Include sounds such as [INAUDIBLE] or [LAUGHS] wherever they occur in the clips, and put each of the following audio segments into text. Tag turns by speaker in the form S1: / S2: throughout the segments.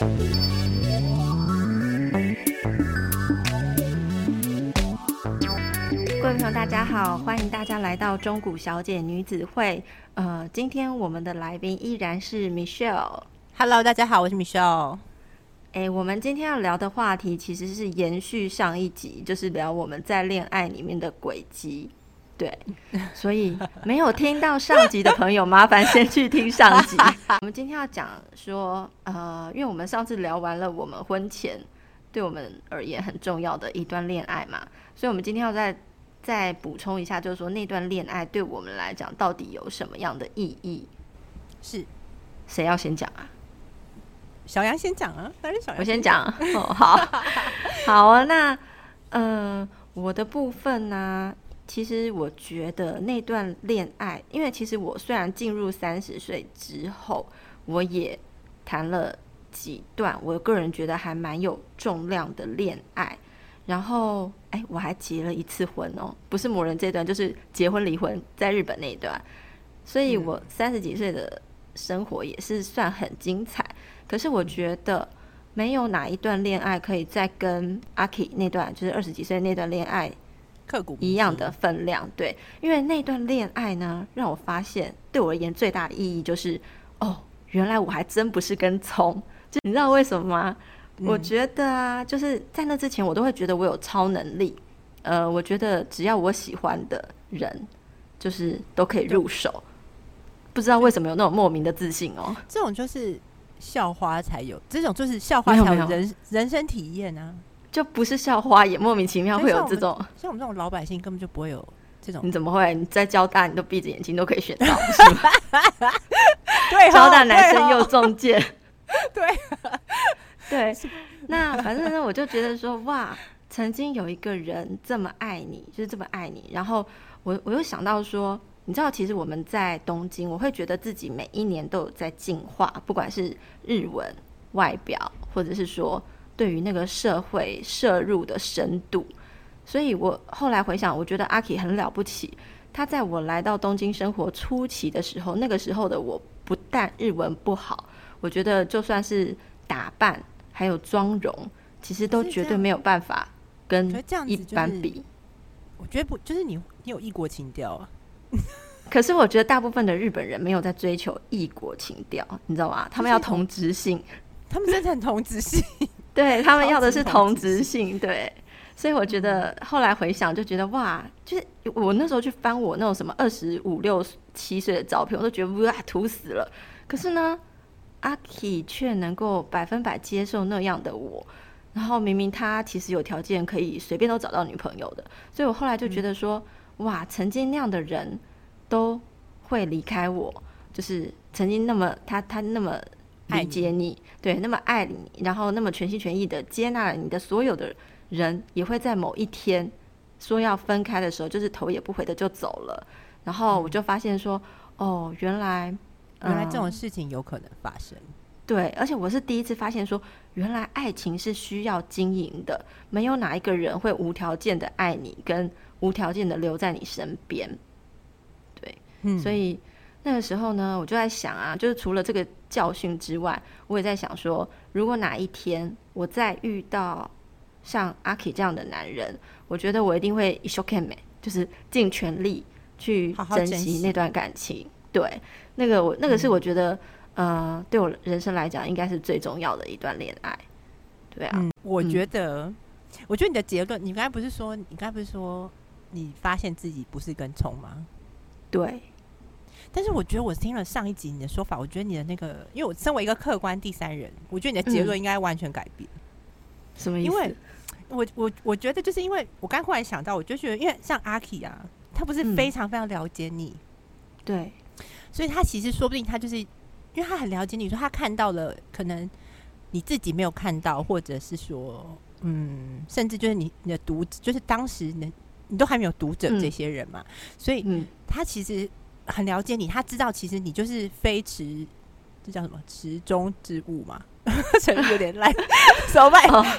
S1: 各位朋友，大家好，歡迎大家來到中古小姐女子會。呃，今天我們的來賓依然是 Michelle。Hello，大家好，我是 Michelle。欸，我們今天要聊的話題其實是延續上一集，就是聊我們在戀愛裡面的軌跡。對，所以沒有聽到上集的朋友， [LAUGHS] 麻煩先去聽上集。 [LAUGHS] 我們今天要講說，呃，因為我們上次聊完了我們婚前對我們而言很重要的一段戀愛嘛，所以我們今天要再再補充一下，就是說那段戀愛對我們來講到底有什麼樣的意義？是，誰要先講啊？小楊
S2: 先講啊？反正小楊我先講？哦，好，
S1: [LAUGHS] 好啊，那，嗯、呃，我的部分呢、啊？其實我覺得那段戀愛，因為其實我雖然進入三十歲之後，我也談了幾段，我個人覺得還蠻有重量的戀愛。然後，哎，我還結了一次婚哦，不是某人這段，就是結婚離婚，在日本那一段。所以，我三十幾歲的生活也是算很精彩。嗯。可是，我覺得沒有哪一段戀愛可以再跟阿 K 那段，就是二十幾歲那段戀愛。刻骨一樣的分量，對，因為那段戀愛呢，讓我發現對我而言最大的意義就是，哦，原來我還真不是根蔥，就，你知道為什麼嗎？嗯。我覺得啊，就是在那之前，我都會覺得我有超能力，呃，我覺得只要我喜歡的人，就是都可以入手，不知道為什麼有那種莫名的自信哦。
S2: 這種就是校花才有，這種就是校花才有人，沒有沒有人生體驗啊。就不是校花也莫名其妙會有這種，
S1: 像我，我們這種老百姓根本就不會有這種。你怎麼會？你在交大你都閉着眼睛都可以選到， [LAUGHS] 是嗎哈交、 [LAUGHS] [LAUGHS] 哦、大男生又中箭、 [LAUGHS] [LAUGHS] 啊，對，對。那反正呢，我就覺得說，哇，曾經有一個人這麼愛你，就是這麼愛你。然後我我又想到說，你知道，其實我們在東京，我會覺得自己每一年都有在進化，不管是日文、外表，或者是說。對於那個社會攝入的深度，所以我後來回想，我覺得阿 K 很了不起。他在我來到東京生活初期的時候，那個時候的我不但日文不好，我覺得就算是打扮還有妝容，其實都絕對沒有辦法跟這樣一般比，
S2: 就是。我覺得不，就是你你有異國情調啊。
S1: [LAUGHS] 可是我覺得大部分的日本人沒有在追求異國情調，你知道嗎？他們要同質性，
S2: 他們真的很同質性。 [LAUGHS] 對，他們要的是同質
S1: 性，對，所以我覺得後來回想就覺得哇，就是我那時候去翻我那種什麼二十五六、七歲的照片，我都覺得哇，土死了。可是呢，阿 K 卻能夠百分百接受那樣的我，然後明明他其實有條件可以隨便都找到女朋友的，所以我後來就覺得說，嗯、哇，曾經那樣的人都會離開我，就是曾經那麼他他那麼。愛接你，對，那麼愛你，然後那麼全心全意的接納你的所有的人，也會在某一天說要分開的時候，就是頭也不回的就走了。然後我就發現說，嗯、
S2: 哦，原來原來這種事情有可能發生、嗯。
S1: 對，而且我是第一次發現說，原來愛情是需要經營的，沒有哪一個人會無條件的愛你，跟無條件的留在你身邊。對、嗯，所以。那個時候呢，我就在想啊，就是除了這個教訓之外，我也在想說，如果哪一天我再遇到像阿 K 這樣的男人，我覺得我一定會一生懸命就是盡全力去珍惜那段感情。好好珍惜對，那個我那個是我覺得、嗯，呃，對我人生來講，應該是最重要的一
S2: 段戀愛。對啊，嗯、我覺得、嗯，我覺得你的結論，你剛才不是說，你剛才不是說，你發現自己不是根蔥嗎？
S1: 對。
S2: 但是我覺得我聽了上一集你的說法，我覺得你的那個，因為我身為一個客觀第三人，我覺得你的結論應該完全改變。嗯。什麼意思？因為我我我覺得，就是因為我剛忽然想到，我就覺得，因為像阿 k 啊，他不是非常非常了解你，嗯，對，所以他其實說不定他就是，因為他很了解你，說他看到了可能你自己沒有看到，或者是說，嗯，甚至就是你，你的讀者，就是當時能你，你都還沒有讀者這些人嘛，嗯，所以他其實。很了解你，他知道其實你就是非池，這叫什麼？池中之物嘛。成 [LAUGHS] 語有點爛，手麼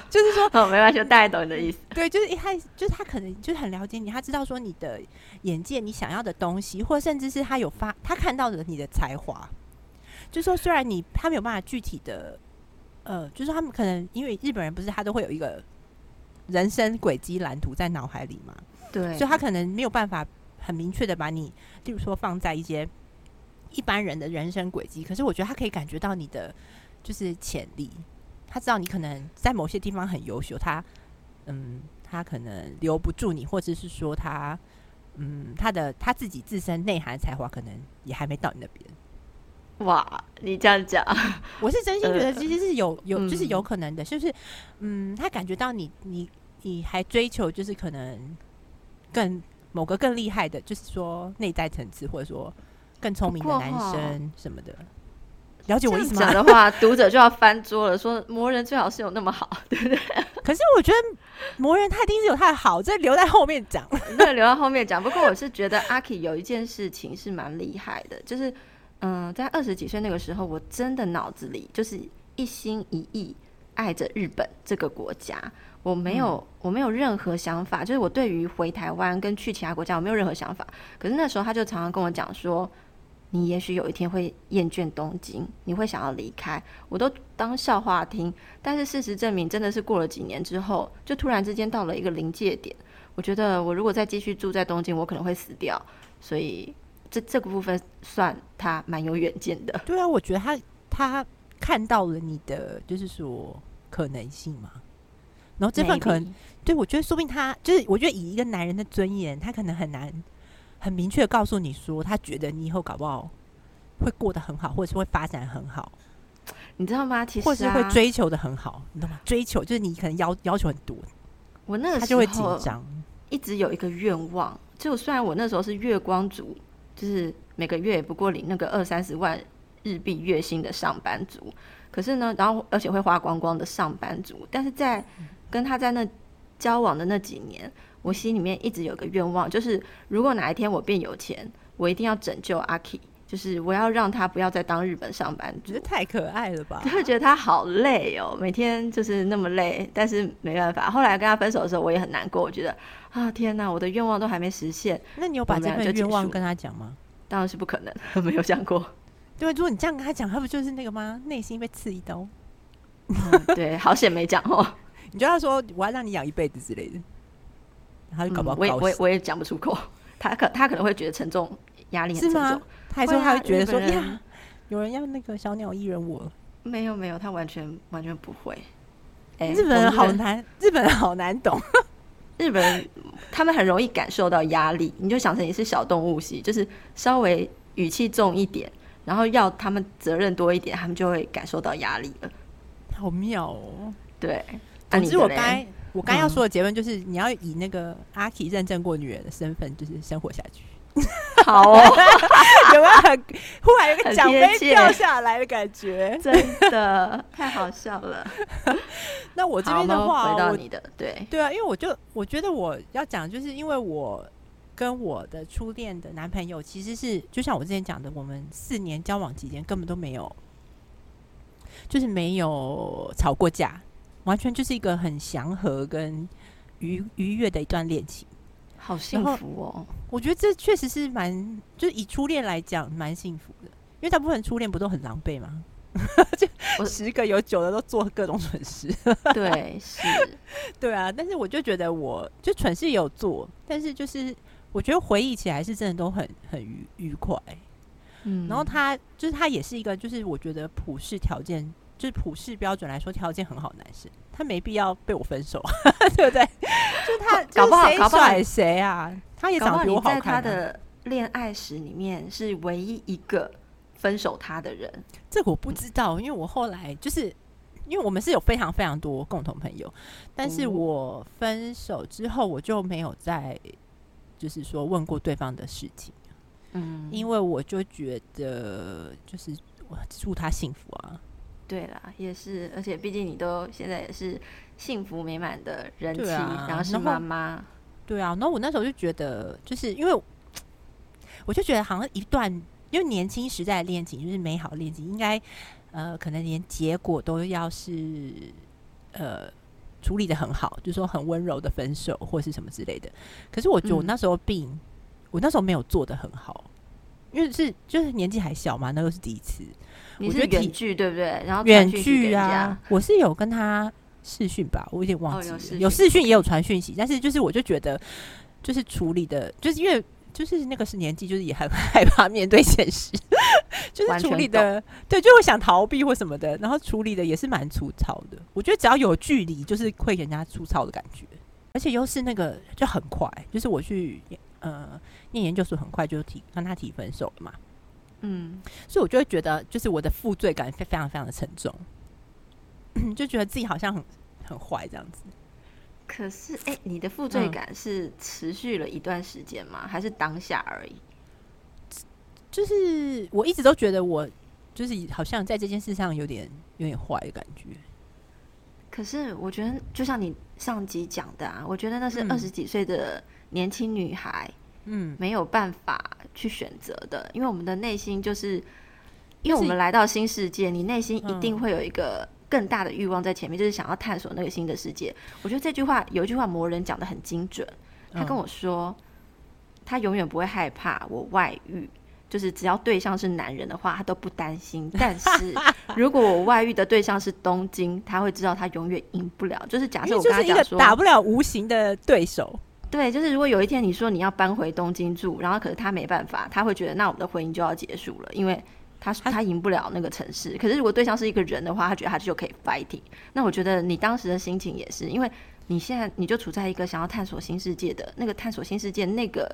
S2: 就是說，哦哦、沒完全帶懂你的意思。對，就是一開始，就是他可能就很了解你，他知道說你的眼界，你想要的東西，或甚至是他有發，他看到的你的才華。就是、說雖然你他沒有辦法具體的，呃，就說、是、他們可能因為日本人不是他都會有一個人生軌跡藍圖在腦海裡嘛？對，所以他可能沒有辦法。很明確的把你，例如說放在一些一般人的人生軌跡，可是我覺得他可以感覺到你的就是潛力，他知道你可能在某些地方很優秀，他嗯，他可能留不住你，或者是說他嗯，他的他自己自身內涵才華可能也還沒到你那邊。哇，你這樣講，我是真心覺得這些是有有、嗯、就是有可能的，就是嗯，他感覺到你你你還追求就是可能更。某個更厲害的，就是說內在層次或者說更聰明的男生什麼的，了解我意思嗎？講的話， [LAUGHS] 讀者就要翻桌了。說
S1: 魔人最好是有那麼好，對不對？可是我覺得魔人他一定是有他的好，這留在後面講。 [LAUGHS] 對，留在後面講。 [LAUGHS] 不過我是覺得阿 K 有一件事情是蠻厲害的，就是嗯，在二十幾歲那個時候，我真的腦子裡就是一心一意愛着日本這個國家。我沒有、嗯，我沒有任何想法，就是我對於回台灣跟去其他國家，我沒有任何想法。可是那時候他就常常跟我講說，你也許有一天會厭倦東京，你會想要離開。我都當笑話聽，但是事實證明，真的是過了幾年之後，就突然之間到了一個臨界點。我覺得我如果再繼續住在東京，我可能會死掉。所以這這個部分
S2: 算他蠻有遠見的。對啊，我覺得他他看到了你的，就是說可能性嘛。然後這份可能，Maybe. 對，我覺得說，說不定他就是，我覺得以一個男人的尊嚴，他可能很難很明確告訴你說，他覺得你以後搞不好會過得很好，或者是會發展得很好，你知道嗎？其實、啊，或是會追求的很好，你知道嗎？追求就是你可能要要求很多。我那個時候就會緊張，
S1: 一直有一個願望，就雖然我那時候是月光族，就是每個月也不過領那個二三十萬日幣月薪的上班族，可是呢，然後而且會花光光的上班族，但是在。嗯跟他在那交往的那幾年，我心裡面一直有個願望，就是如果哪一天我變有錢，我一定要拯救阿 Key，就是我要讓他不要再當日本上班族。覺得
S2: 太可愛
S1: 了吧？就會覺得他好累哦，喔，每天就是那麼累，但是沒辦法。後來跟他分手的時候，我也很難過，我覺得啊，天哪，我的願望都還沒實現。
S2: 那你有把這份願望跟
S1: 他講嗎？當然是不可能，
S2: 沒有講過。因為如果你這樣跟他講，他不就是那個嗎？內心被刺一刀。 [LAUGHS] [LAUGHS] 對，好險沒講哦。你就他說我要讓你養一輩子之類的，他就搞不
S1: 好搞、嗯。我也我也我也講不出口。他可他可能會覺得沉重壓力很沉重、重，是嗎，他還說他會覺得說呀，
S2: 有人要那個小鳥依人我。沒有沒有，他完全完全不會、欸。日本人好難日，日本人好難懂。
S1: 日本人他們很容易感受到壓力。 [LAUGHS] 你就想成你是小動物系，就是稍微語氣重一點，然後要他們責任多一點，他們就會感受到壓力了。
S2: 好妙哦，對。啊、總之我、嗯，我剛我剛要說的結論就是，你要以那個阿奇認證過女人的身份，就是生活下去。好哦， [LAUGHS] 有沒有很忽然有個獎杯掉下來的感覺？真的太好笑了。 [LAUGHS] 那我這邊的話我，回到你的對對啊，因為我就我覺得我要講，就是因為我跟我的初戀的男朋友，其實是就像我之前講的，我們四年交往期間根本都沒有，就是沒有吵過架。完全就是一個很祥和跟愉愉悅的一段戀情，好幸福哦！我覺得這確實是蠻，就是以初戀來講蠻幸福的，因為大部分初戀不都很狼狽嗎？ [LAUGHS] 就我十個有九個都做各種蠢事。對，是， [LAUGHS] 對啊。但是我就覺得我，我就蠢事也有做，但是就是我覺得回憶起來是真的都很很愉愉快、欸。嗯，然後他就是他也是一個，就是我覺得普世條件。就是普世標準來說，條件很好，男生他沒必要被我分手，對不對？就他 [LAUGHS] 搞不好、就是、誰甩誰啊搞不好？他也長得比我好看，在他的
S1: 戀愛史裡面是唯一一
S2: 個分手他的人。嗯、這我不知道，因為我後來就是因為我們是有非常非常多共同朋友，但是我分手之後我就沒有再就是說問過對方的事情，嗯，因為我就覺得就是我祝他幸福啊。
S1: 對啦，也是，而且畢竟你都現在也是幸福美滿的人妻，啊、然後是媽媽，
S2: 對啊。那我那時候就覺得，就是因為，我就覺得好像一段，因為年輕時代的戀情就是美好戀情，應該呃，可能連結果都要是呃處理的很好，就是說很溫柔的分手或是什麼之類的。可是我覺得我那時候並我那時候沒有做的很好。因為是就是年紀還小嘛，那又、個、是第一次。你是遠距對
S1: 不對？然後遠距啊，
S2: 我是有跟他視訊吧，我有點忘記了、oh, 有。有視訊也有傳訊息，okay. 但是就是我就覺得，就是處理的，就是因為就是那個是年紀，就是也很害怕面對現實， [LAUGHS] 就是處理的對，就會想逃避或什麼的。然後處理的也是蠻粗糙的。我覺得只要有距離，就是會給人家粗糙的感覺，而且又是那個就很快，就是我去。呃，念研究所很快就提跟他提分手了嘛。嗯，所以我就會覺得，就是我的負罪感非非常非常的沉重， [COUGHS] 就覺得自己好像很很壞這樣子。可是，哎、欸，你的負罪感是持續了一段時間嗎、嗯？還是當下而已？就是我一直都覺得我就是好像在這件事上有點有點壞的感覺。可是，我覺得就像你上集講的啊，我覺得那是二十幾歲的、嗯。
S1: 年輕女孩，嗯，沒有辦法去選擇的，因為我們的內心就是、是，因為我們來到新世界，你內心一定會有一個更大的慾望在前面，嗯、就是想要探索那個新的世界。我覺得這句話有一句話魔人講得很精準，他跟我說、嗯，他永遠不會害怕我外遇，就是只要對象是男人的話，他都不擔心。 [LAUGHS] 但是如果我外遇的對象是東京，他會知道他永遠贏不了。就是假設我跟他講說打不
S2: 了無形的對手。 [LAUGHS]
S1: 對，就是如果有一天你說你要搬回東京住，然後可是他沒辦法，他會覺得那我們的婚姻就要結束了，因為他說他贏不了那個城市。可是如果對象是一個人的話，他覺得他就可以 fighting。那我覺得你當時的心情也是，因為你現在你就處在一個想要探索新世界的那個探索新世界那個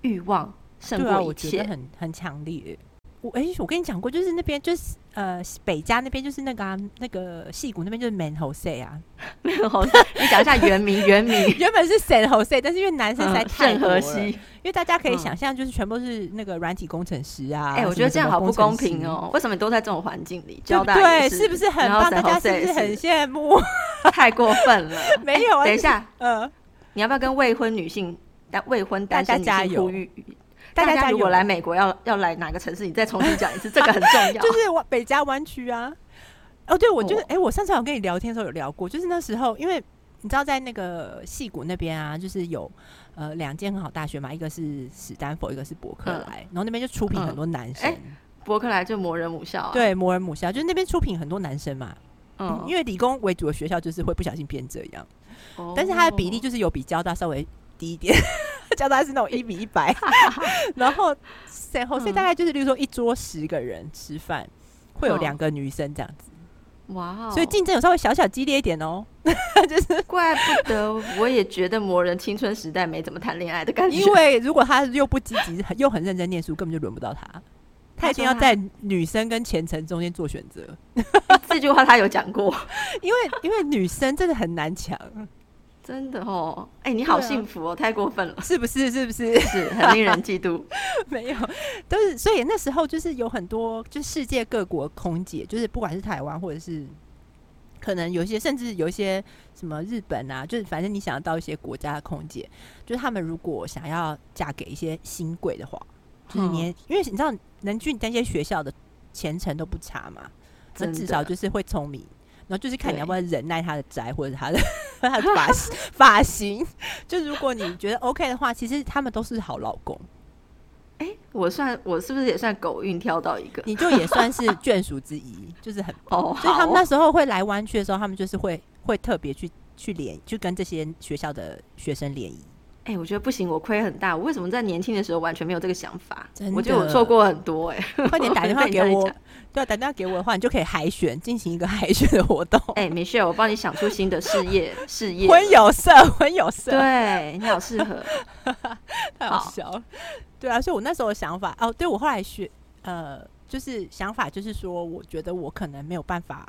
S1: 欲望
S2: 勝過一切，啊、很很強烈。我、欸、我跟你講過，就是那邊就是呃北加那邊就是那個、啊、那個矽谷那邊就是 Man Jose 啊，Man Jose [LAUGHS] 你講一下原名原名 [LAUGHS] 原本是 San Jose，但是因為男生才嘆河西，因為大家可以想象就是全部是那個軟體工程師啊，哎、欸，我覺得這樣好不公平哦，為什麼你都在這種環境裡交代？對，對，對，是不是很棒？大家是不是很羨慕？太
S1: 過分了，沒 [LAUGHS] 有、欸。啊，等一下，呃，你要不要跟未婚女性但未婚單身女性呼籲，大家加油？大家,大家如果來美國要要來哪個城市？你再
S2: 重新講一次， [LAUGHS] 這個很重要。 [LAUGHS] 就是北加灣區啊。哦，對，我就是哎、哦欸，我上次我跟你聊天的時候有聊過，就是那時候，因為你知道在那個矽谷那邊啊，就是有呃兩間很好大學嘛，一個是史丹佛，一個是伯克萊、嗯，然後那邊就出品很多男生。
S1: 嗯欸、伯克萊就魔人母校、啊。對，
S2: 魔人母校就是那邊出品很多男生嘛。嗯。因為理工為主的學校就是會不小心變這樣。哦。但是它的比例就是有比較大，稍微低一點。 [LAUGHS] 加上他是那種一比一百，然後最後所以大概就是，例如說一桌十個人吃飯，嗯，會有兩個女生這樣子。
S1: 哇，哦，所以競爭
S2: 有稍微小小激烈一點哦。
S1: [LAUGHS] 就是怪不得我也覺得魔人青春時代沒怎麼談戀愛的感覺。因為
S2: 如果他又不積極， [LAUGHS] 又很認真念書，根本就輪不到他。他一定要在女生跟前程中間做選擇。這 [LAUGHS] 句話他有講過。 [LAUGHS] 因為因為女生真的很難搶。
S1: 真的哦，哎、欸，你好幸福哦，啊，太過
S2: 分了，是不是？是不是？是很令人嫉妒。 [LAUGHS] 沒有，就是所以那時候就是有很多，就是、世界各國空姐，就是不管是台灣或者是可能有一些，甚至有一些什麼日本啊，就是反正你想要到一些國家的空姐，就是他們如果想要嫁給一些新貴的話，
S1: 就是你、哦，
S2: 因為你知道能去你那些學校的前程都不差嘛，那至少就是會聰明。然後就是看你要不要忍耐他的宅，或者他的，或者他的髮髮型， [LAUGHS] [LAUGHS] 就是如果你覺得 OK 的話，其實他們都是好老公。哎、欸，我算我是不是也算狗運挑到一個？你就也算是眷屬之一， [LAUGHS] 就是很哦。Oh, 所以他們那時候會來灣區的時候，他們就是會會特別去去聯，就跟這些學校的學生聯誼。哎、欸，
S1: 我覺得不行，我虧很大。我為什麼在年輕的時候完全沒有這個想法？我覺得我錯過很多哎、欸。快點打電話給我
S2: 我，對、啊，打電話給我的話，你就可以海選進 [LAUGHS] 行一個海選的活動。哎、欸， [LAUGHS] 沒事，我幫你想出新的事業 [LAUGHS] 事業。婚友社，婚友社，對你好適合， [LAUGHS] 太好笑了。對啊，所以，我那時候的想法，哦、啊，對我後來學，呃，就是想法，就是說，我覺得我可能沒有辦法，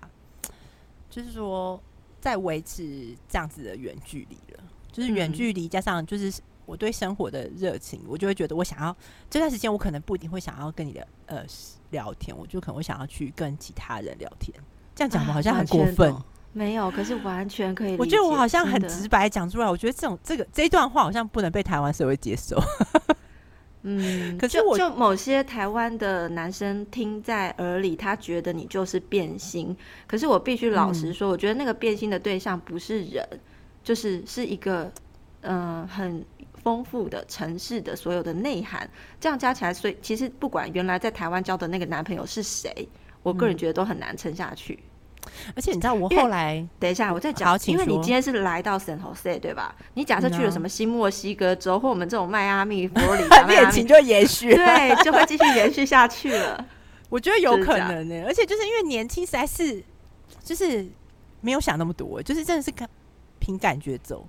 S2: 就是說，再維持這樣子的遠距離了。就是遠距離加上就是我對生活的熱情、嗯，我就會覺得我想要這段時間我可能不一定會想要跟你的呃聊天，我就可能會想要去跟其他人聊天。這樣講我好像很過分、
S1: 啊，沒有，可是完全可以。我覺得我好像很直
S2: 白講出來，我覺得這種這個這一段話好像不能被台灣社會接受。 [LAUGHS] 嗯，
S1: 可是我就，就某些台灣的男生聽在耳裡，他覺得你就是變心。可是我必須老實說、嗯，我覺得那個變心的對象不是人。就是是一個，嗯、呃，很豐富的城市的所有的內涵，這樣加起來，所以其實不管原來在台灣交的那個男朋友是誰，我個人覺得都很難撐下去、嗯。而且你知道，我後來等一下我再講清因為你今天是來到，是來到、嗯 San Jose 對吧？你假設去了什麼新墨西哥州、嗯，或我們這種邁阿密佛羅里，戀情就延續， [LAUGHS] 對，就會繼續延續下去
S2: 了。 [LAUGHS] 我覺得有可能呢、就是，而且就是因為年輕，實在是就是沒有想那麼多，就是真的是看。憑感覺走，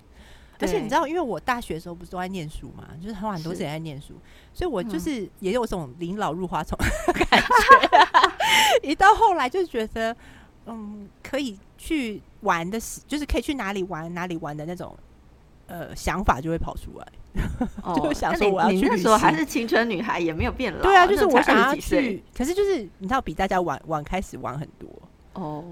S2: 而且你知道，因為我大學的時候不是都在念書嘛，就是很多時間在念書，所以我就是也有種臨老入花叢、嗯、 [LAUGHS] 感覺、啊。 [LAUGHS] 一到後來，就是覺得嗯，可以去玩的，就是可以去哪裡玩哪裡玩的那種呃想法就會跑出來。Oh, [LAUGHS] 就會想說，我要去旅行。你你那時候還是青春女
S1: 孩，也沒有變老。對啊，就是我想要去，
S2: 可是就是你知道，比大家晚晚開始玩很多哦。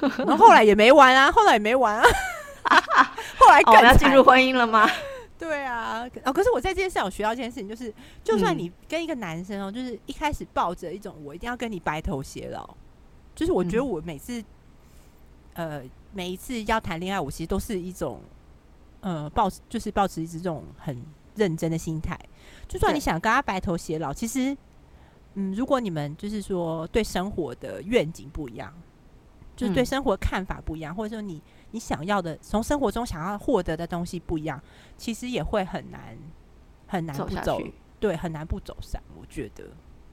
S2: Oh. 然後後
S1: 來
S2: 也沒玩啊、 [LAUGHS] 後來也沒玩啊，後來也沒玩啊。哈哈，後來更哦，要進入婚姻了嗎？ [LAUGHS] 對啊、可、哦，可是我在這件事上，我學到一件事情，就是，就算你跟一個男生哦，嗯、就是一開始抱着一種我一定要跟你白頭偕老，就是我覺得我每次，嗯、呃，每一次要談戀愛，我其實都是一種，呃，抱，就是抱持一種很認真的心態。就算你想跟他白頭偕老，其實，嗯，如果你們就是說對生活的願景不一樣。就是對生活看法不一樣，嗯，或者說你你想要的從生活中想要獲得的東西不一樣，其實也會很難很難不走，走，對，很難不走散。我覺得，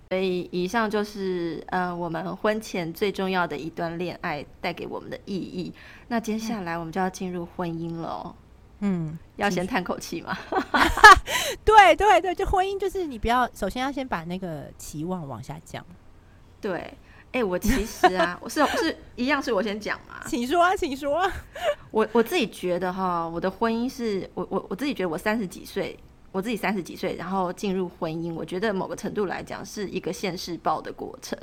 S2: 所以以上
S1: 就是呃我們婚前最重要的一段戀愛帶給我們的意義。
S2: 那接下來我們就要進入婚姻了。嗯，要先嘆口氣嘛？ [LAUGHS] [LAUGHS] 對對對，就婚姻就是你不要首先要先把那個期望往下降。對。哎、欸，我其實啊， [LAUGHS] 我
S1: 是是一樣，是我先講嘛，請說、啊，請說、啊。我我自己覺得哈，我的婚姻是我我我自己覺得我三十幾歲，我自己三十幾歲，然後進入婚姻，我覺得某個程度來講是一個現世報的過程。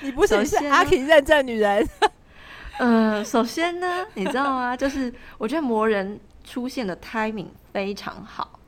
S1: 你不是阿 K 認證女人。嗯，首先呢，你知道嗎、啊？就是我覺得魔人出現的 timing 非常好，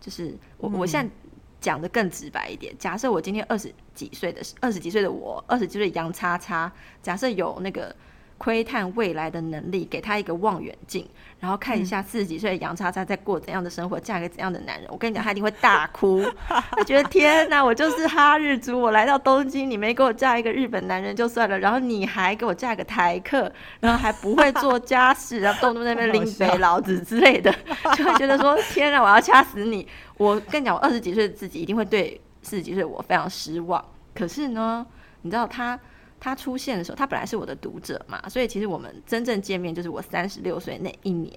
S1: 就是我、嗯、我現在。講得更直白一點，假設我今天二十幾歲的，二十幾歲的我，二十幾歲的楊叉叉，假設有那個。窺探未來的能力，給他一個望遠鏡，然後看一下四十幾歲的楊叉叉在過怎樣的生活，嗯、生活嫁給怎樣的男人。我跟你講，他一定會大哭， [LAUGHS] 他覺得天哪，我就是哈日族，我來到東京，你沒給我嫁一個日本男人就算了，然後你還給我嫁個台客，然後還不會做家事， [LAUGHS] 然後動不動在那邊拎杯老子之類的， [LAUGHS] 就會覺得說天哪，我要掐死你！我跟你講，我二十幾歲的自己一定會對四十幾歲的我非常失望。可是呢，你知道他，他出現的時候，他本來是我的讀者嘛，所以其實我們真正見面就是我三十六歲那一年。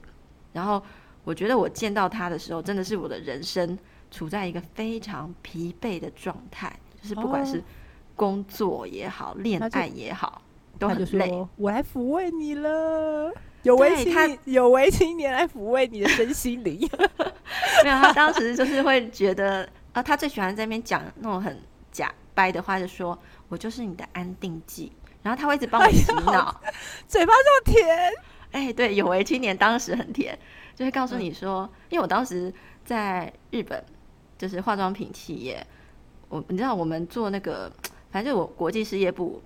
S1: 然後我覺得我見到他的時候，真的是我的人生處在一個非常疲憊的狀態，就是不管是工作也好，哦、戀愛也好
S2: 都很累，他就說我來撫
S1: 慰你了，有為青、
S2: 有為青年來撫慰你的身心靈。
S1: [LAUGHS] 沒有，他當時就是會覺得啊、 [LAUGHS] 呃，他最喜歡在那邊講那種很假掰的話，就是說。我就是你的安定劑，然後他會一直幫我洗腦，哎、嘴巴這麼甜。哎、欸，對，有為、欸、青年當時很甜，就會告訴你說、嗯，因為我當時在日本，就是化妝品企業，我你知道我們做那個，反正就我國際事業部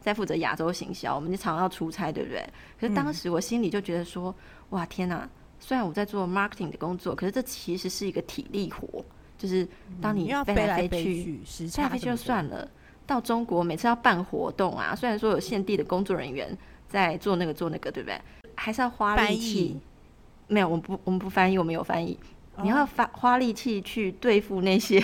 S1: 在負責亞洲行銷，我們就常常要出差，對不對？可是當時我心裡就覺得說、嗯，哇，天哪！雖然我在做 marketing 的工作，可是這其實是一個體力活，就是當你飛來飛去，下、嗯、飛來飛去、飛來飛去就算了。到中國每次要辦活動啊，雖然說有現地的工作人員在做那個做那個，對不對？還是要花力氣。沒有，我不，我們不翻譯，我們有翻譯。哦、你要發花力氣去對付那些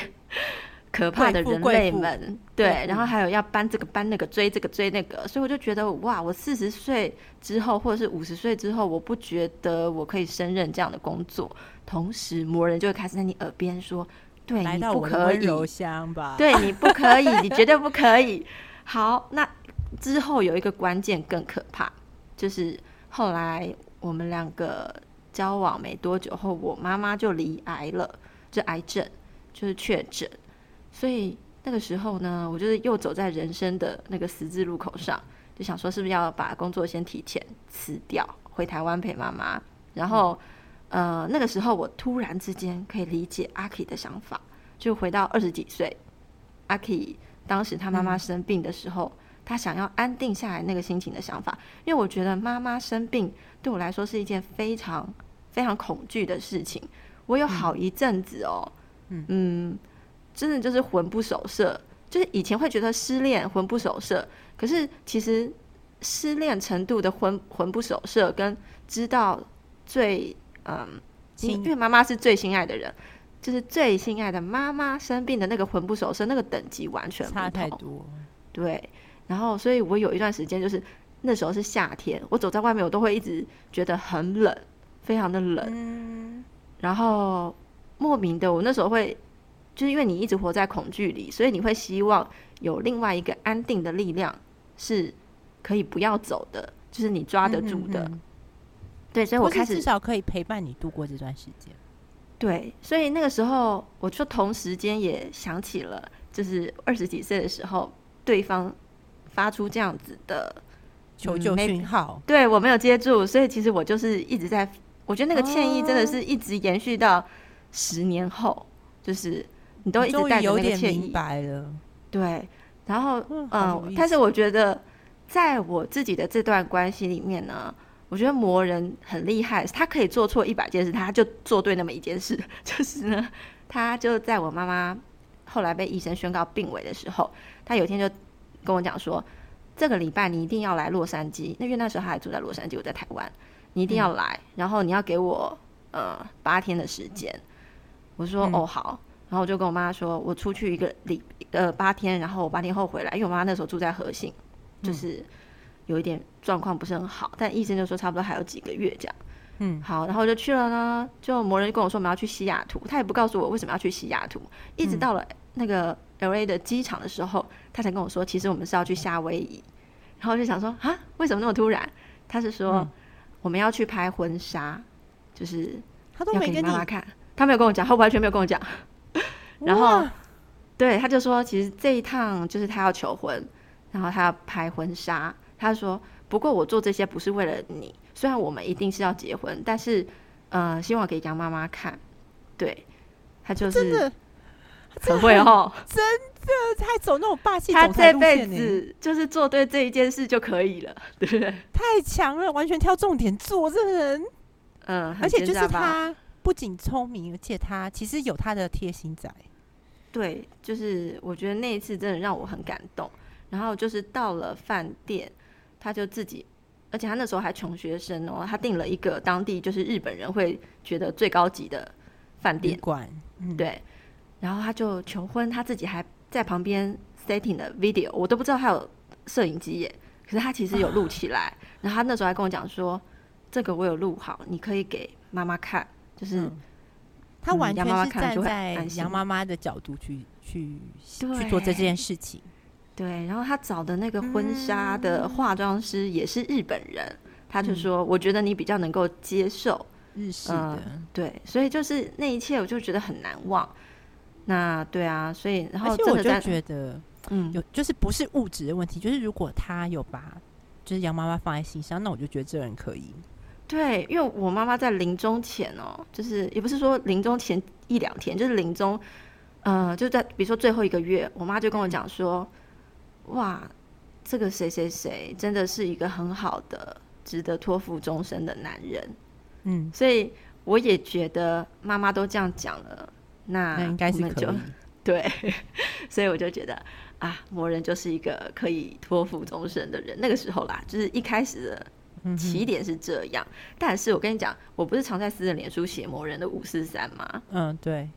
S1: 可怕的人類們貴父貴父，對。然後還有要搬這個搬那個，追這個追那個，嗯、所以我就覺得哇，我四十歲之後，或者是五十歲之後，我不覺得我可以勝任這樣的工作。同時，魔人就會開始在你耳邊說。
S2: 對，你不可以，對，你不可以， [LAUGHS] 你絕對不可以。
S1: 好，那之後有一個關鍵更可怕，就是後來我們兩個交往沒多久後，我媽媽就罹癌了，就癌症，就是確診。所以那個時候呢，我就是又走在人生的那個十字路口上，就想說是不是要把工作先提前辭掉，回台灣陪媽媽，然後。嗯呃，那個時候我突然之間可以理解阿 K 的想法，就回到二十幾歲，阿 K 當時他媽媽生病的時候，嗯，他想要安定下來那個心情的想法，因為我覺得媽媽生病對我來說是一件非常非常恐懼的事情，我有好一陣子哦，嗯，嗯，真的就是魂不守舍，嗯，就是以前會覺得失戀魂不守舍，可是其實失戀程度的魂魂不守舍，跟知道最。嗯，因為媽媽是最心愛的人，就是最心愛的媽媽生病的那個魂不守舍，那個等級完全不同，差太多。對，然後所以我有一段時間就是那時候是夏天，我走在外面我都會一直覺得很冷，非常的冷。嗯。然後莫名的，我那時候會就是因為你一直活在恐懼裡，所以你會希望有另外一個安定的力量是可以不要走的，就是你抓得住的。嗯哼哼
S2: 對，所以我開始至少可以陪伴你度過這段時間。
S1: 對，所以那個時候我就同時間也想起了，就是二十幾歲的時候，對方發出這樣子的
S2: 求救訊號，嗯、
S1: 對我沒有接住，所以其實我就是一直在。我覺得那個歉意真的是一直延續到十年後，哦、就是你都一直帶著那個歉意。有點明白了。對，然後嗯，嗯，但是我覺得在我自己的這段關係裡面呢。我覺得魔人很厲害，他可以做錯一百件事，他就做對那麼一件事。就是呢，他就在我媽媽後來被醫生宣告病危的時候，他有一天就跟我講說：“這個禮拜你一定要來洛杉磯，因為那時候他還住在洛杉磯，我在台灣，你一定要來。嗯、然後你要給我呃八天的時間。”我說、嗯：“哦，好。”然後我就跟我媽說：“我出去一個禮呃八天，然後我八天後回來。”因為我媽媽那時候住在和信，就是。嗯有一點狀況不是很好，但醫生就說差不多還有幾個月這樣。嗯，好，然後就去了呢。就某人跟我說我們要去西雅圖，他也不告訴我為什麼要去西雅圖。一直到了那個 LA 的機場的時候、嗯，他才跟我說，其實我們是要去夏威夷。然後我就想說啊，為什麼那麼突然？他是說、嗯、我們要去拍婚紗，就是要給你媽媽他都沒有跟你媽媽看，他沒有跟我講，他完全沒有跟我講。 [LAUGHS] 然後對他就說，其實這一趟就是他要求婚，然後他要拍婚紗。他說：“不過我做這些不是為了你，雖然我們一定是要結婚，但是，呃，希望給楊媽媽看，對，他就是
S2: 真的，很會哦？真的，還走那種霸氣，他這輩子就是做對這一件事就可以了，對不對？太強了，完全挑重點做，這人，嗯，而且就是他不僅聰明，而且他其實有他的貼心仔，
S1: 對，就是我覺得那一次真的讓我很感動，然後就是到了飯店。”他就自己，而且他那時候還窮學生哦，他訂了一個當地就是日本人會覺得最高級的
S2: 飯店館，
S1: 嗯，對，然後他就求婚，他自己還在旁邊 setting 的 video，我都不知道他有攝影機耶，可是他其實有錄起來，啊，然後他那時候還跟我講說，這個我有錄好，你可以給媽媽看，就是，嗯、他完全是站在楊媽媽
S2: 的角度去去，去做這件事情。
S1: 對，然後他找的那個婚紗的化妝師也是日本人，嗯，他就說：“我覺得你比較能夠接受日式的。”呃，對，所以就是那一切，我就覺得很難忘。那對啊，所以然後我就覺得，
S2: 嗯，有就是不是物質的問題，就是如果他有把就是楊媽媽放在心上，那我就覺得這人可以。
S1: 對，因為我媽媽在臨終前哦，就是也不是說臨終前一兩天，就是臨終，呃，就在比如說最後一個月，我媽就跟我講說。嗯哇，這個誰誰誰真的是一個很好的、值得托付終身的男人，嗯，所以我也覺得媽媽都這樣講了，那應該你們就對，所以我就覺得啊，魔人就是一個可以托付終身的人。那個時候啦，就是一開始的起點是這樣，嗯、但是我跟你講，我不是常在私人臉書寫魔人的五四三嗎？
S2: 嗯，對，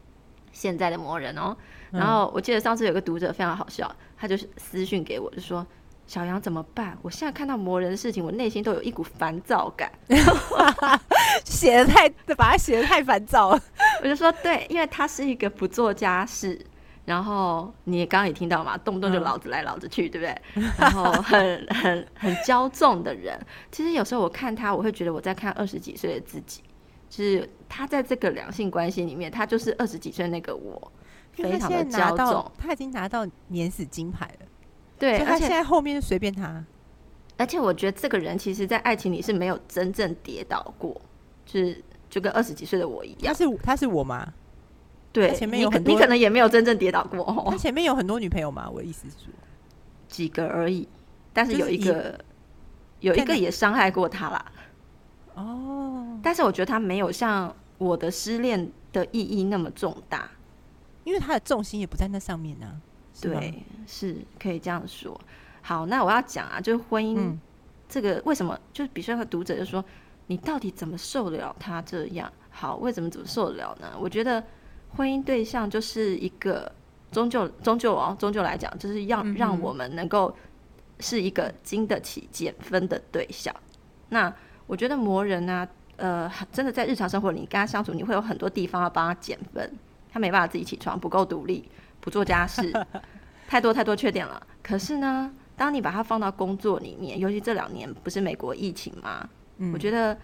S1: 現在的魔人哦。然後我記得上次有一個讀者非常好笑，嗯、他就是私訊給我，就說：“小楊怎麼辦？我現在看到磨人的事情，我內心都有一股煩躁感。” [LAUGHS] 寫得太，把他寫得太煩躁了，我就說對，因為他是一個不做家事，然後你剛剛也聽到嘛，動不動就老子來老子去，嗯、對不對？然後很很很驕縱的人。其實有時候我看他，我會覺得我在看二十幾歲的自己，就是他在這個兩性關係裡面，他就是二十幾歲那個我。
S2: 非常的驕縱，他現在拿到，他已經拿到免死金牌了。對，他現在後面就隨便他
S1: 而。而且我覺得這個人，其實在愛情
S2: 裡是沒有真正跌倒過，就是就跟二十幾歲的我一樣。他是他是我嗎？
S1: 對，前面有你可你可能
S2: 也沒有真正跌倒過。他前面有很多女朋友嗎？我的意思是說，幾個而已，
S1: 但是有一個，就
S2: 是、一有一個也傷害過
S1: 他了。哦。但是我覺得他沒有像我的失戀的意義那麼重大。因為他的重心也不在那上面呢。啊，對，是，是可以這樣說。好，那我要講啊，就是婚姻，嗯、這個為什麼？就比如說，讀者就說，你到底怎麼受得了他這樣？好，為什麼怎麼受得了呢？我覺得婚姻對象就是一個終究，終究終究哦，終究來講就是要讓我們能夠是一個經得起減分的對象。嗯嗯，那我覺得磨人呢，啊，呃，真的在日常生活裡跟他相處，你會有很多地方要幫他減分。他沒辦法自己起床，不夠獨立，不做家事，太多太多缺點了。 [LAUGHS] 可是呢，當你把它放到工作裡面，尤其這兩年不是美國疫情嘛、嗯？我覺得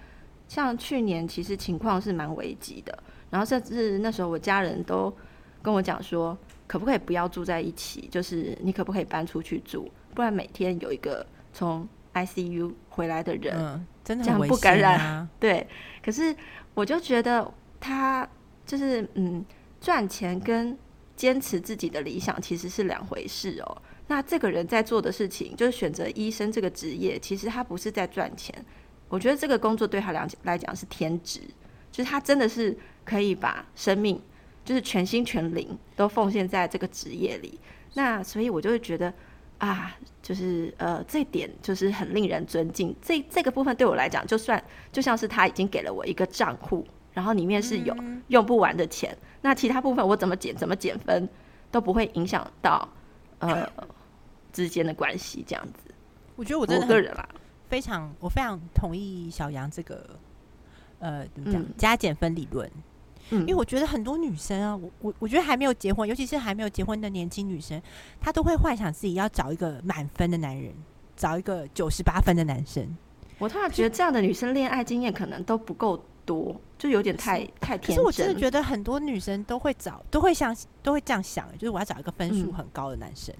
S1: 像去年其實情況是蠻危急的。然後甚至那時候我家人都跟我講說，可不可以不要住在一起？就是你可不可以搬出去住？不然每天有一個從 ICU 回來的人，嗯、真的很、啊、這樣不感染？對。可是我就覺得他就是嗯。賺錢跟堅持自己的理想其實是兩回事哦。那這個人在做的事情，就是選擇醫生這個職業，其實他不是在賺錢。我覺得這個工作對他來講是天職，就是他真的是可以把生命，就是全心全靈都奉獻在這個職業裡。那所以我就會覺得啊，就是呃，這點就是很令人尊敬。這這個部分對我來講，就算就像是他已經給了我一個賬戶。然後裡面是有用不完的錢，嗯、那其他部分我怎麼減怎麼減分都不會影響到，呃、嗯、之間的關係這樣子。
S2: 我覺得我真的我個人啦，非常我非常同意小楊這個，呃，怎麼講、嗯、加減分理論。嗯，因為我覺得很多女生啊，我我我覺得還沒有結婚，尤其是還沒有結婚的年輕女生，她都會幻想自己要找一個滿分的男人，找一個九十八分的男生。我突然覺得這樣的女生戀愛經驗可能都不夠多。就有點太太天真，可是我真的覺得很多女生都會找，都會想，都會這樣想，就是我要找一個分數很高的男生、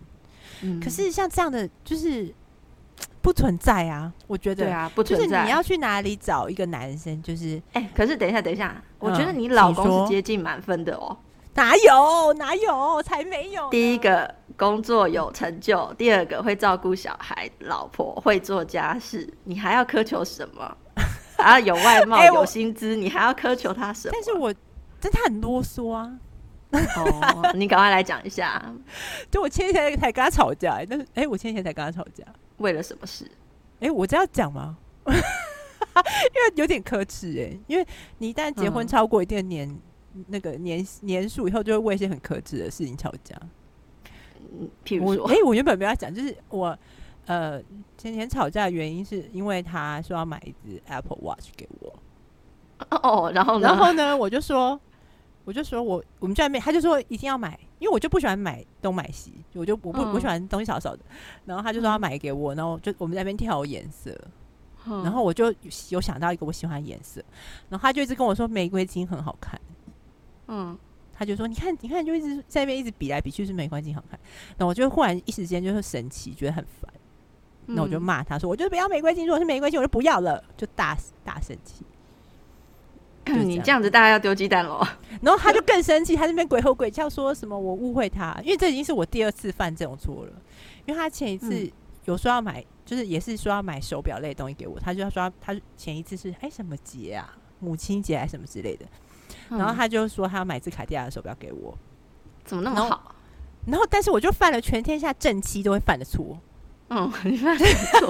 S2: 嗯。可是像這樣的就是不存在啊，我覺得對啊，不存在。就是你要去哪裡找一個男生？就是哎、欸，可是等一下，等一下、嗯，我覺得你老公是接近
S1: 滿分的哦。
S2: 哪有哪有？才沒有。第一
S1: 個工作有成就，第二個會照顧小孩、老婆，會做家事，你還要苛求什
S2: 麼？ [LAUGHS] 啊，有外貌，欸、有薪資，你還要苛求他什麼？但是，我，但他很囉嗦啊。哦、 [LAUGHS] oh,， [LAUGHS] 你趕快來講一下。就我前幾天才跟他吵架、欸，那哎、欸，我前幾天才跟他吵架，為了什麼事？哎、欸，我這樣講嗎？ [LAUGHS] 因為有點可恥哎、欸，因為你一旦結婚超過一定年、嗯、那個年年數以後，就會為一些很可恥的事情吵架。嗯，譬如說，哎、欸，我原本不要講，就是我。呃，前天吵架的原因是因為他說要買一隻 Apple Watch 給我。哦，然後呢？然後呢？我就說，我就說我我們在那邊，他就說一定要買，因為我就不喜歡買東買西，我就我不、嗯、我喜歡東西少少的。然後他就說要買給我，然後就我們在那邊挑顏色、嗯，
S1: 然後
S2: 我就有想到一個我喜歡的顏色，然後他就一直跟我說玫瑰金很好看。嗯，他就說你看你看，就一直在那邊一直比來比去，是玫瑰金很好看，那我就忽然一時間就是神奇，覺得很煩。那我就罵他說：“我就不要玫瑰金，嗯、如果是玫瑰金，我就不要了。就嗯”就大大生氣。就你這樣子，大家要丟雞蛋嘍。然後他就更生氣，他這邊鬼吼鬼叫，說什麼我誤會他，因為這已經是我第二次犯這種錯了。因為他前一次有說要買，嗯、就是也是說要買手錶類的東西給我，他就要說要他前一次是哎、欸、什麼節啊，母親節還是什麼之類的，然後他就說他要買只卡地亞的手錶給我、嗯，怎麼那麼好？然然後但是我就犯了全天下正妻都會犯的錯。嗯，你發這個，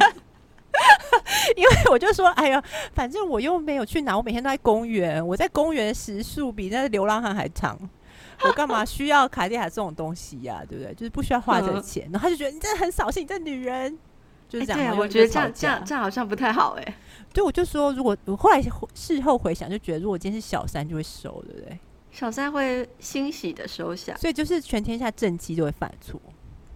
S2: [LAUGHS] [LAUGHS] 因為我就說，哎呀，反正我又沒有去哪，我每天都在公園，我在公園時數比那流浪漢還長， [LAUGHS] 我幹嘛需要卡地亞這種東西呀、啊？對不對？就是不需要花這個錢、嗯，然後他就覺得你真的很掃興，你這女人就是這樣、欸對啊。我覺得這樣這樣這樣好像不太好哎、欸。對，我就說，如果我後來事後回想，就覺得如果今天是小三，就會收，對不對？小三會欣喜的收下，所以就是全天下正妻就會犯錯。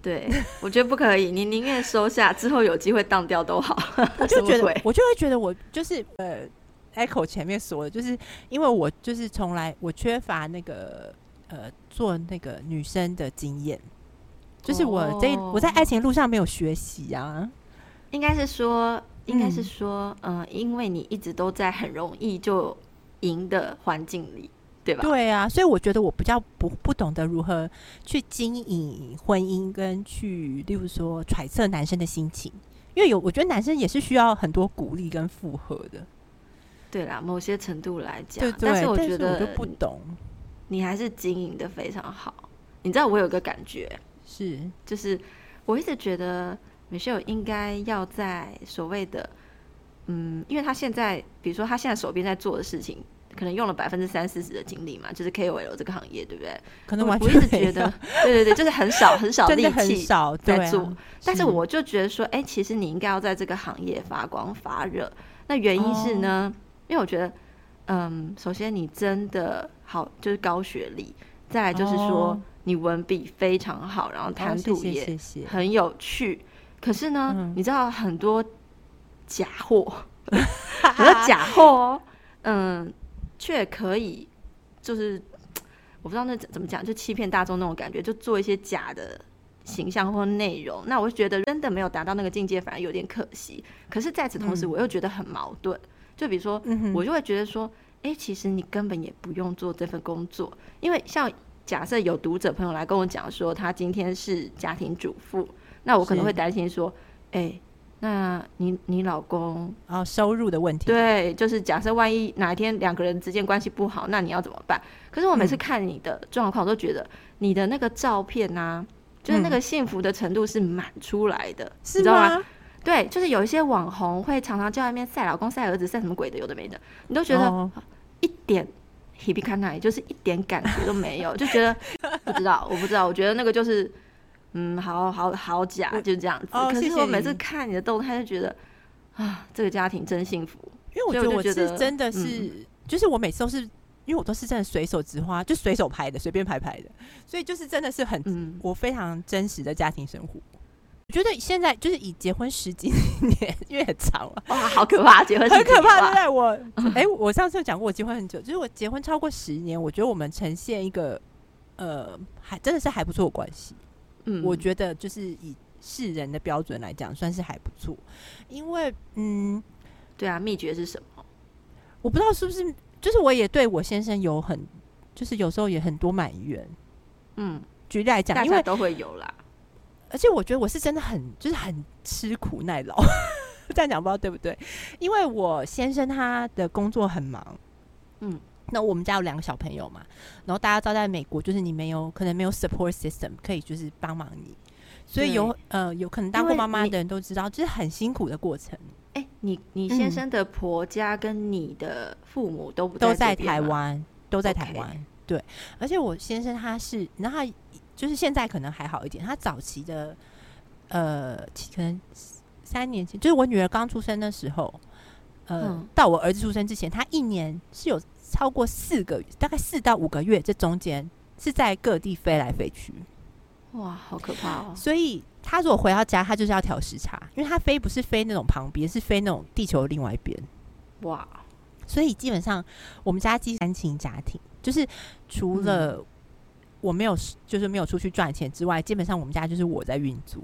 S2: 對，
S1: 我覺得不可以。你寧願收下，之後有機會當掉都好。
S2: 我 [LAUGHS] 就覺得， [LAUGHS] 我就會覺得我，我就是呃，Echo 前面說的就是，因為我就是從來我缺乏那個呃做那個女生的經驗，就是我這一、oh. 我在愛情路上沒有學習啊。
S1: 應該是說，應該是說，嗯、呃，因為你一直都在很容易就贏的環境裡。
S2: 對吧，對啊，所以我覺得我比較不不懂得如何去經營婚姻，跟去例如說揣測男生的心情，因為有我覺得男生也是需要很多鼓勵跟附和的。
S1: 對啦，某些程度來講，但是我覺得我就不懂。你還是經營得非常好。你知道我有個感覺是，就是我一直覺得 Michelle 應該要在所謂的嗯，因為他現在比如說他現在手邊在做的事情。可能用了百分之三四十的精力嘛，就是 KOL 這個行業，對不對？可能我一直覺得，對對對，就是很少很少力氣在做、啊。但是我就覺得說，哎，其實你應該要在這個行業發光發熱。那原因是呢，哦、因為我覺得，嗯，首先你真的好，就是高學歷，再就是說你文筆非常好，哦、然後談吐也很有趣。哦、謝謝謝謝，可是呢、嗯，你知道很多假貨，很 [LAUGHS] 多 [LAUGHS] 假貨哦，嗯。卻可以，就是我不知道那怎麼講，就欺騙大眾那種感覺，就做一些假的形象或內容。那我就覺得真的沒有達到那個境界，反而有點可惜。可是在此同時，我又覺得很矛盾。嗯、就比如說，我就會覺得說，哎、嗯哼、欸，其實你根本也不用做這份工作，因為像假設有讀者朋友來跟我講說，他今天是家庭主婦，那我可能會擔心說，哎。欸那你你老公啊、哦、收入的問題？對，就是假設萬一哪一天兩個人之間關係不好，那你要怎麼辦？可是我每次看你的狀況，嗯，我都覺得你的那個照片啊，
S2: 就是那個
S1: 幸福的程度是滿出來的，嗯，你知道嗎？對，就是有一些網紅會常常在外面曬老公、曬兒子、曬什麼鬼的，有的沒的，你都覺得，哦啊，一點皮皮看那也就是一點感覺都沒有， [LAUGHS] 就覺得不知道，我不知道，我覺得那個就是。嗯，好好好假，就這樣子、哦。可是我每次看你的動態，就覺得啊，這個家庭真幸福。因
S2: 為我覺得我是真的是，就，就是我每次都是、嗯、因為我都是這樣隨手直花，就隨手拍的，隨便拍拍的。所以就是真的是很、嗯，我非常真實的家庭生活。我覺得現在就是已結婚十幾年，因為很長了、啊，哇，好可怕！ [LAUGHS] 結婚十幾年、啊、很可怕現在我，對不對？我哎，我上次有講過我結婚很久，就是我結婚超過十年，我覺得我們呈現一個呃，還真的是還不錯的關係。嗯、我覺得就是以世人的標準來講，算是還不錯。因為，嗯，對啊，秘訣是什麼？我不知道是不是，就是我也對我先生有很，就是有時候也很多埋怨。嗯，舉例來講，大家都會有啦。而且我覺得我是真的很，就是很吃苦耐勞。 [LAUGHS] 這樣講不知道對不對？因為我先生他的工作很忙，嗯。那我們家有兩個小朋友嘛，然後大家都在美國，就是你沒有，可能沒有 support system 可以就是幫忙你，所以有，呃有可能當過媽媽的人都知道這是很辛苦的過程。哎、欸，你你先生的
S1: 婆家跟你
S2: 的父母都不，都在台灣？嗯，都在台灣。台 Okay. 對，而且我先生他是，然後他就是現在可能還好一點，他早期的呃可能三年前，就是我女兒剛出生的時候。呃、嗯，到我兒子出生之前，他一年是有超過四個月，大概四到五個月，這中間是在各地飛來飛去，
S1: 哇，好可怕哦！所
S2: 以他如果回到家，他就是要調時差，因為他飛不是飛那種旁邊，是飛那種地球的另外一邊，哇！所以基本上我們家既是單親家庭，就是除了我沒有、嗯、就是沒有出去賺錢之外，基本上我們家就是我在運作。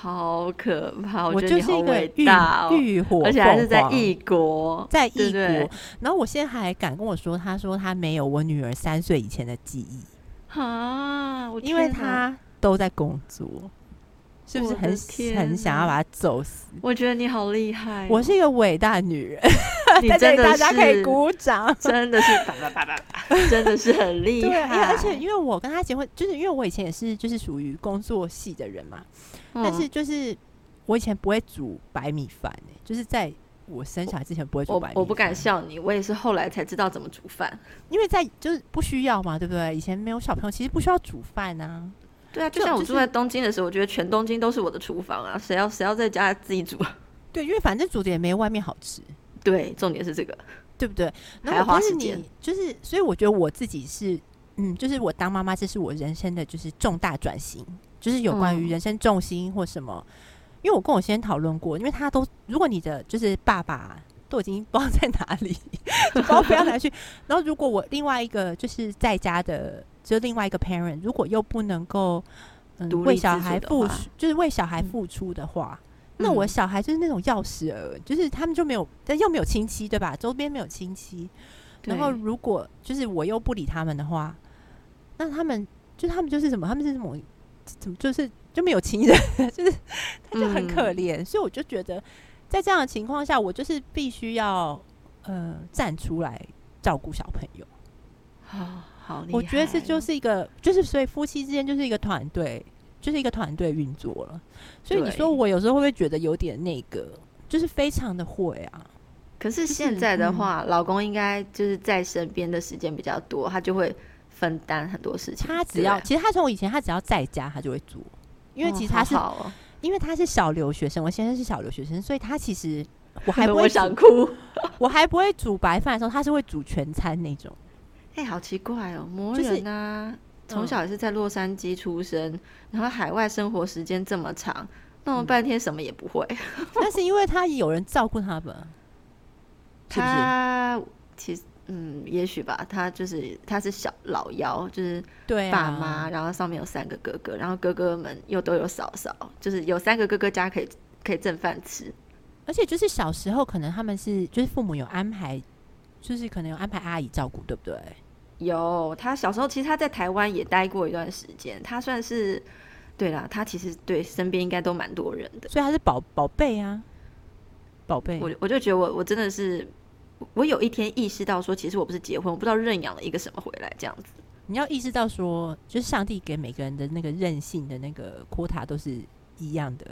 S1: 好可怕！我，覺得我就是一個大浴、哦、火，而且還是在異國，在異國對對對。
S2: 然後我現在還敢跟我說，他說他沒有我女兒三歲以前的記憶
S1: 啊！我因為他
S2: 都在工作，是不是很很想要把她揍死？
S1: 我覺得你好厲害、哦！我是
S2: 一個偉大女人，大家 [LAUGHS] 大家可以鼓
S1: 掌，真的是
S2: [LAUGHS] 真的是很
S1: 厲害、啊。而且
S2: 因為我跟她結婚，就是因為我以前也是就是屬於工作系的人嘛。但是就是我以前不會煮白米飯、欸、就是在我生小孩之前不會煮白米我我。我不敢笑
S1: 你，我也是後來才知道怎麼煮飯。
S2: 因為在就是不需要嘛，對不對？以前沒有小朋友，其實不需要煮飯吶、啊。
S1: 對啊，就像我住在東京的時候，就是，我覺得全東京都是我的廚房啊，誰要誰要在家自己煮？
S2: 對，因為反正煮的也沒有外面好吃。對，重點是這個，對不對？就是你還要花時間就是所以，我覺得我自己是嗯，就是我當媽媽，這是我人生的就是重大轉型。就是有關於人生重心或什麼，嗯、因為我跟我先討論過，因為他都如果你的就是爸爸都已經不知道在哪裡， [LAUGHS] [LAUGHS] 就包不，不要拿去。然後如果我另外一個就是在家的，就是，另外一個 parent，如果又不能夠嗯為小孩付出，就是為小孩付出的話，嗯、那我小孩就是那種鑰匙兒，就是他們就沒有，但又沒有親戚對吧？周邊沒有親戚，然後如果就是我又不理他們的話，那他們就他們就是什麼？他們就是某。怎麼就是就沒有親人，就是他就很可憐，嗯，所以我就覺得在這樣的情況下，我就是必須要呃站出來照顧小朋友。哦，好，我覺得這就是一個，就是所以夫妻之間就是一個團隊，就是一個團隊運作了。所以你說我有時候會不會覺得有點那個，就是非常的會啊？
S1: 可是現在的話，嗯，老公應該就是在身邊的時間比較多，他就會。
S2: 分擔很多事情，他只要、啊、其實他從我以前，他只要在家他就會煮。因為其實他是、哦好好哦、因為他是小留學生，我先生是小留學生，所以他其實，我還不會有有想哭，我還不會煮白飯的時候，他是會煮全餐那種，
S1: 哎、 [LAUGHS] 欸，好奇怪哦，魔人啊、就是，從小也是在洛杉磯出生、哦，然後海外生活時間這麼長，弄了半天什麼也不會，嗯、 [LAUGHS] 但是因為他有人照顧他吧？是不是？他其實。嗯，也許吧。他就是，他是小老幺，就
S2: 是爸媽、
S1: 啊，然後上面有三個哥哥，然後哥哥們又都有嫂嫂，就是有三個哥哥家可以可以蹭飯吃。
S2: 而且就是小時候，可能他們是就是父母有安排，就是可能有安排阿姨照顧，對不對？
S1: 有，他小時候其實他在台灣也待過一段時間，他算是對啦。他其實對身邊應該都蠻多人的，
S2: 所以他是寶寶貝啊，寶貝。我我就覺得我我真的
S1: 是。我有一天意識到說，其實我不是結婚，我不知道認養了一個什麼回來這樣
S2: 子。你要意識到說，就是上帝給每個人的那個任性的那個 quota 都是一樣的。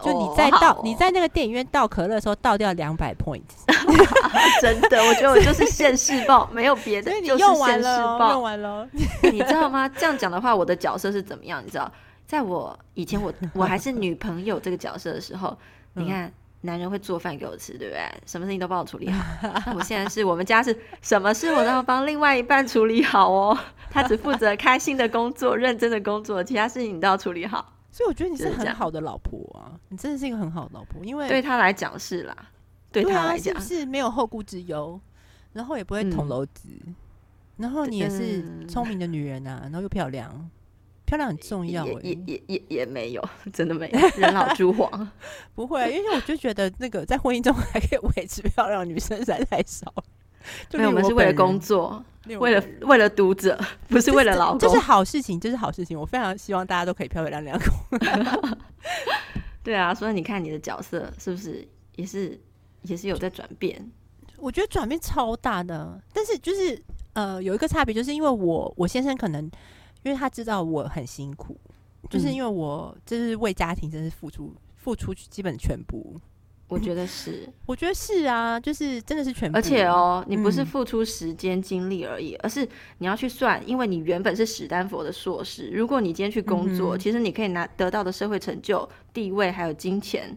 S1: 就你在倒、哦
S2: 哦、你在那個電影院倒可樂的時候倒掉兩百 points， [LAUGHS]
S1: [LAUGHS] [LAUGHS] 真的，我覺得我就是現世報，沒有別的，所以你用完了、哦就是現世報，用完了、哦。 [LAUGHS] [LAUGHS] 你知道嗎？這樣講的話，我的角色是怎麼樣？你知道，在我以前我，我我還是女朋友這個角色的時候， [LAUGHS] 嗯、你看。男人會做飯給我吃，對不對？什麼事情都幫我處理好。 [LAUGHS] 我現在是我們家是什麼事，我都要幫另外一半處理好哦。他只負責開心的工作、認 [LAUGHS] 真的工作，其他事情你都要處理好。所
S2: 以我覺得你是很好的老婆啊，你真的是一個很好的老婆，因為對他
S1: 來講是啦，對他來講、啊、是
S2: 不是沒有後顧之憂，然後也不會捅婁子、嗯，然後你也是聰明的女人啊，然後又漂亮。嗯 [LAUGHS] 漂亮很重要、欸，也也也也，也沒有，真的沒有。 [LAUGHS] 人老珠黃，不會、啊，因為我就覺得那個在婚姻中還可以維持漂亮，女生實在太少。
S1: 那 [LAUGHS] 我們是為了工作，
S2: 為了為了，為了讀者，不是為了老公。這，這、就是好事情，這，就是好事情。我非常希望大家都可以漂漂亮亮 [LAUGHS]
S1: [LAUGHS] 對啊，所以你看你的角色是不是也是也是有在轉變？
S2: 我覺得轉變超大的，但是就是呃有一個差別，就是因為我我先生可能。因為他知道我很辛苦，嗯，就是因為我就是為家庭真的是付出付出，基本全部，我覺得是，我覺得是啊，就是
S1: 真的是全部。而且哦，你不是付出時間精力而已，嗯，而是你要去算，因為你原本是史丹佛的碩士，如果你今天去工作嗯嗯，其實你可以拿得到的社會成就、地位還有金錢，啊，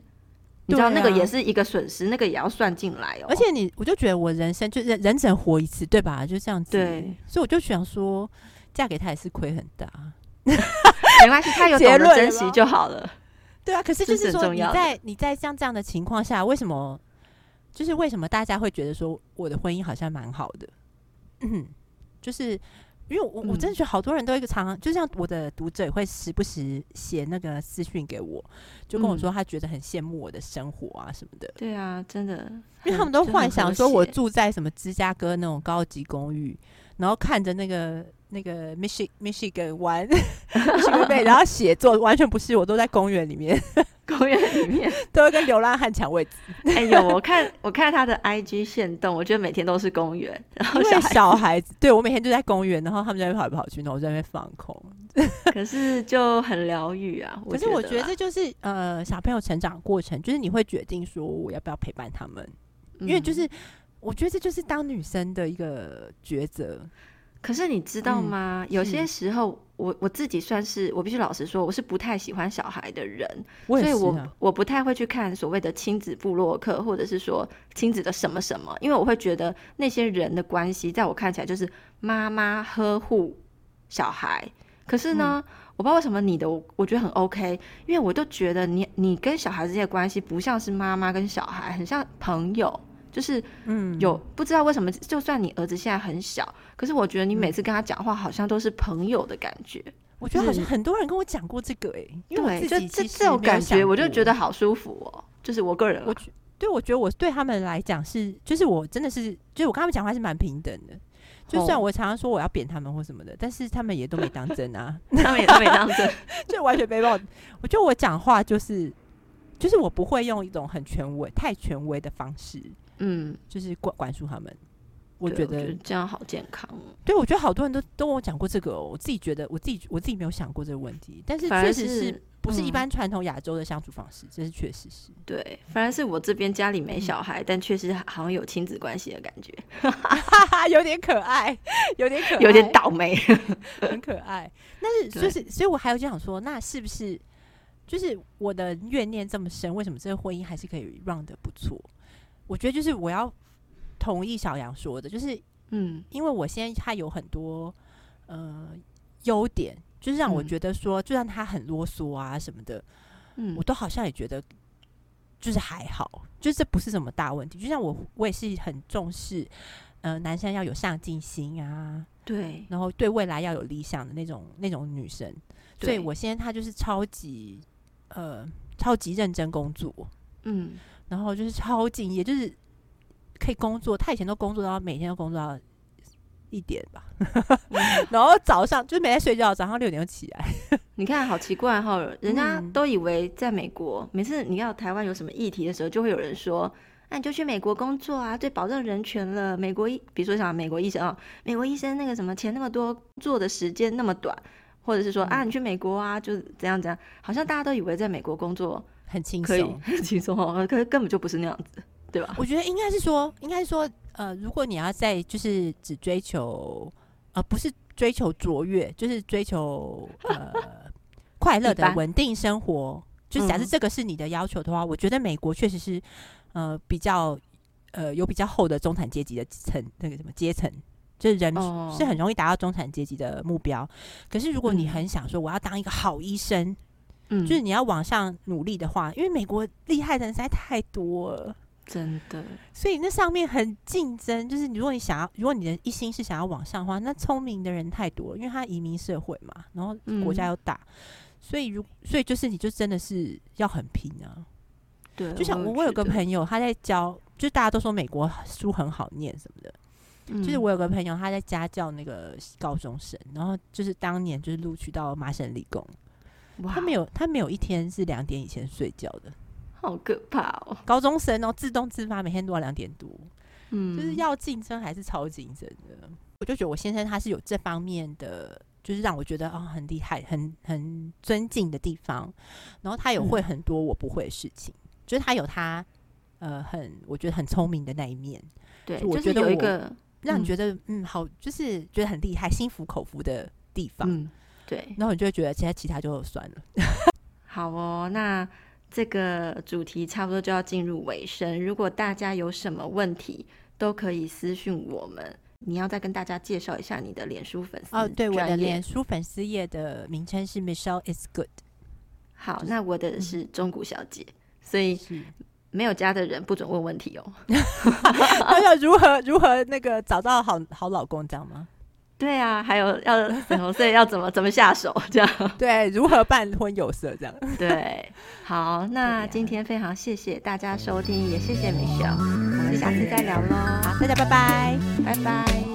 S1: 你知道那個也是一個損失，那個也要算進來哦。而且
S2: 你我就覺得我人生就人人只能活一次，對吧？就這樣子。對，所以我就想說。嫁給他也是虧很大， [LAUGHS] 沒關係，他有懂得珍惜就好了。對啊，可是就是說，你在這你在像這樣的情況下，為什麼？就是為什麼大家會覺得說我的婚姻好像蠻好的？嗯、就是因為我我真的覺得好多人都一個常，嗯、就像我的讀者也會時不時寫那個私訊給我，就跟我說他覺得很羨慕我的生活啊什麼的。
S1: 對啊，真的，因為他們都幻想說我
S2: 住在什麼芝加哥那種高級公寓，嗯、公寓然後看着那個。那個 Michigan Michigan 玩，然後寫寫作 [LAUGHS] 完全不是，我都在公園裡面， [LAUGHS] 公園裡面都會跟流浪漢搶位置。哎 [LAUGHS] 呦、欸，我看我看他的 IG 限動，我覺得每天都是公園。然後小孩子，小孩子對我每天就在公園，然後他們就在跑來跑去，然後我在那邊放空。 [LAUGHS] 可是就很療癒啊，可是我覺得這就是呃小朋友成長過程，就是你會決定說我要不要陪伴他們，嗯、因為就是我覺得這就是當女生的一個抉擇。可是你知道嗎？嗯、有些
S1: 時候我，我我自己算是，我必須老實說，我是不太喜歡小孩的人，啊、所以我我不太會去看所謂的親子部落客，或者是說親子的什麼什麼，因為我會覺得那些人的關係，在我看起來就是媽媽呵護小孩。可是呢、嗯，我不知道為什麼你的，我覺得很 OK，因為我都覺得你你跟小孩之間的關係不像是媽媽跟小孩，很像朋友。就是，嗯，有不知道為什麼，就算你兒子現在很小，可是我覺得你每次跟他講話，好像都
S2: 是朋友的感覺。我覺得好像很多人跟我講過這個誒、對，因為這這種感覺，我就覺得好舒服哦。就是我個人，我對我覺得我對他們來講是，就是我真的是，就是我跟他們講話是蠻平等的。
S1: 就算我
S2: 常常說我要扁他們或什麼的，但是他們也都沒當真啊， [LAUGHS] 他們也都沒當真， [LAUGHS] 就完全沒辦法。我覺得我講話就是，就是我不會用一種很權威、太權威的方式。嗯，就是管管束他們我，我覺得這樣好健康。對，我覺得好多人都都跟我講過這個、哦，我自己覺得我自己我自己沒有想過這個問題，但是確實是,是不是一般傳統亞洲的相處方式，這、嗯、是確實是。
S1: 對，反而是我這邊家裡沒小孩，嗯、但確實好像有親子關係的感覺，
S2: 哈哈哈，有點可愛，有點可有點倒霉， [LAUGHS] 很可愛。但是就是，所以我還有就想說，那是不是就是我的怨念這麼深，為什麼這個婚姻還是可以 run 的不錯？我覺得就是我要同意小楊說的，就是
S1: 嗯，
S2: 因為我先生他有很多呃優點，就是讓我覺得說，嗯、就算他很囉嗦啊什麼的，嗯，我都好像也覺得就是還好，就這不是什麼大問題。就像我，我也是很重視，呃，男生要有上進心啊，對，然後對未來要有理想的那種那種女生對。所以我先生他就是超級呃超級認真工作，嗯。然後就是超敬業、嗯，就是可以工作。他以前都工作到每天都工作到一點吧， [LAUGHS] 嗯啊、然後早上就每天睡覺，早上六點就起來。 [LAUGHS] 你看好奇怪哈、哦，人家都以為在
S1: 美國，嗯、每次你要台灣有什麼議題的時候，就會有人說：“那、啊、你就去美國工作啊，對，保證人權了。”美國，比如說像、啊、美國醫生啊、哦，美國醫生那個什麼錢那麼多，做的時間那麼短，或者是說、嗯、啊，你去美國啊，就怎樣怎樣，好像大家都以為在美國工作。很輕鬆，很輕鬆哈，可是 [LAUGHS] 根本就不是那樣子，
S2: 對吧？我覺得應該是說，應該是說，呃，如果你要在就是只追求，呃，不是追求卓越，就是追求呃 [LAUGHS] 快樂的穩定生活，就假設這個是你的要求的話，嗯、我覺得美國確實是，呃，比較呃有比較厚的中產階級的層那個什麼階層，就是人是很容易達到中產階級的目標、哦。可是如果你很想說，我要當一個好醫生。嗯.就是你要往上努力的話，因為美國厲害的人實在太多了，真的。所以那上面很競爭，就是如果你想要，如果你的一心是想要往上的話，那聰明的人太多，因為他移民社會嘛，然後國家又大，嗯、所以如所以就是你就真的是要很拼啊。對，就，就像我我有個朋友，他在教，就大家都說美國書很好念什麼的，嗯、就是我有個朋友他在家教那個高中生，然後就是當年就是錄取到麻省理工。他沒有，他沒有一天是兩點以前睡覺的，好可怕哦！高中生哦，自動自發，每天都要兩點多，嗯，就是要競爭還是超競爭的。我就覺得我先生他是有這方面的，就是讓我覺得啊、哦，很厲害，很很尊敬的地方。然後他有會很多我不會的事情，嗯、就是他有他呃很我覺得很聰明的那一面。對，我就覺得、是、有一個讓你覺得嗯，嗯，好，就是覺得很厲害，心服口服的地方。嗯對，那我就會覺得現在其他就算了。 [LAUGHS] 好哦，那
S1: 這個主題差不多就要進入尾聲。如果大家有什麼問題，都可以私訊我們。你要再跟大家介紹一下你的臉書粉絲哦？對，我的臉
S2: 書粉絲頁的名稱是 Michelle is good。好。好，就是，那我的是中古小姐、
S1: 嗯，所以沒有加的人不准問問題哦。他
S2: [LAUGHS] 要如何如何那個找到好好老公，這樣嗎？對啊，還有要粉紅色要怎麼 [LAUGHS] 怎麼下手這樣？對，如何辦婚有色這樣？ [LAUGHS] 對，
S1: 好，那今天非常謝謝大家收聽，也謝謝 Michelle，我們下次再聊嘍。 [MUSIC] 好，大家拜拜， [MUSIC] 拜拜。